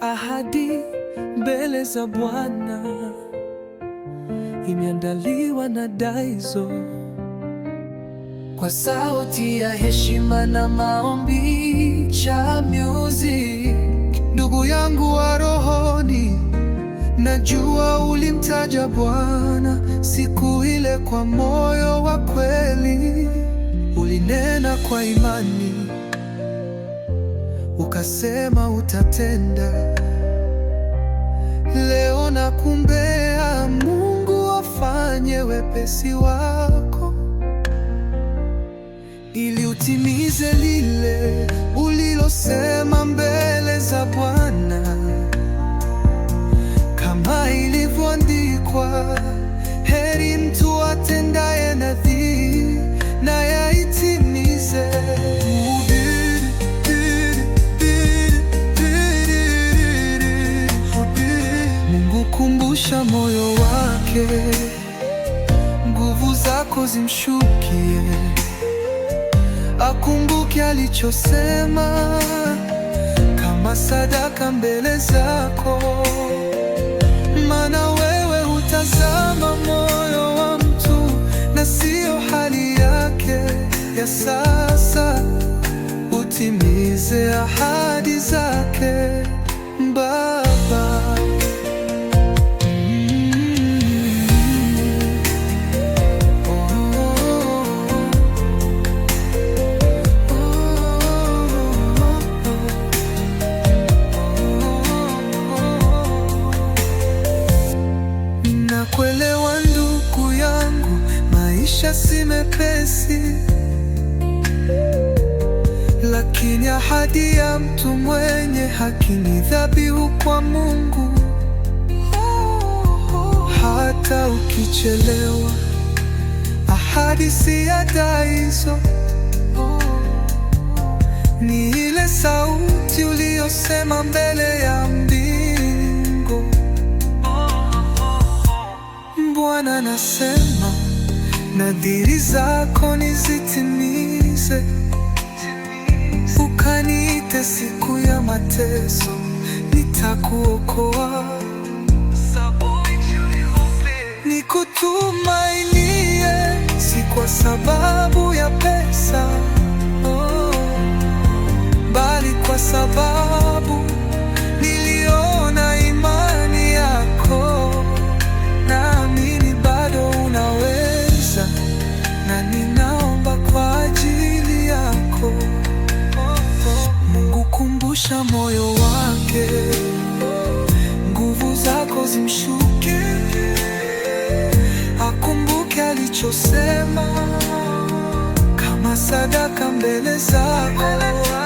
ahadi mbele za Bwana imeandaliwa na Daizo. Kwa sauti ya heshima na maombi, cha music ndugu yangu wa rohoni, najua ulimtaja Bwana siku ile kwa moyo wa kweli, ulinena kwa imani ukasema utatenda leo, na kumbea Mungu afanye wepesi wako, ili utimize lile ulilosema mbele za Bwana, kama ilivyoandikwa, heri mtu atendaye nadhi na Amsha moyo wake, nguvu zako zimshukie, akumbuke alichosema kama sadaka mbele zako, maana wewe hutazama moyo wa mtu na siyo hali yake ya sasa, utimize ahadi zake. maisha si mepesi, lakini ahadi ya mtu mwenye haki ni dhabihu kwa Mungu. Hata ukichelewa, ahadi si ya daizo, ni ile sauti uliyosema mbele ya nadiri zako nizitimize, ukaniite siku ya mateso, nitakuokoa nikutumainie, si kwa sababu Amsha moyo wake, nguvu zako zimshuke, akumbuke alichosema kama sadaka mbele zako.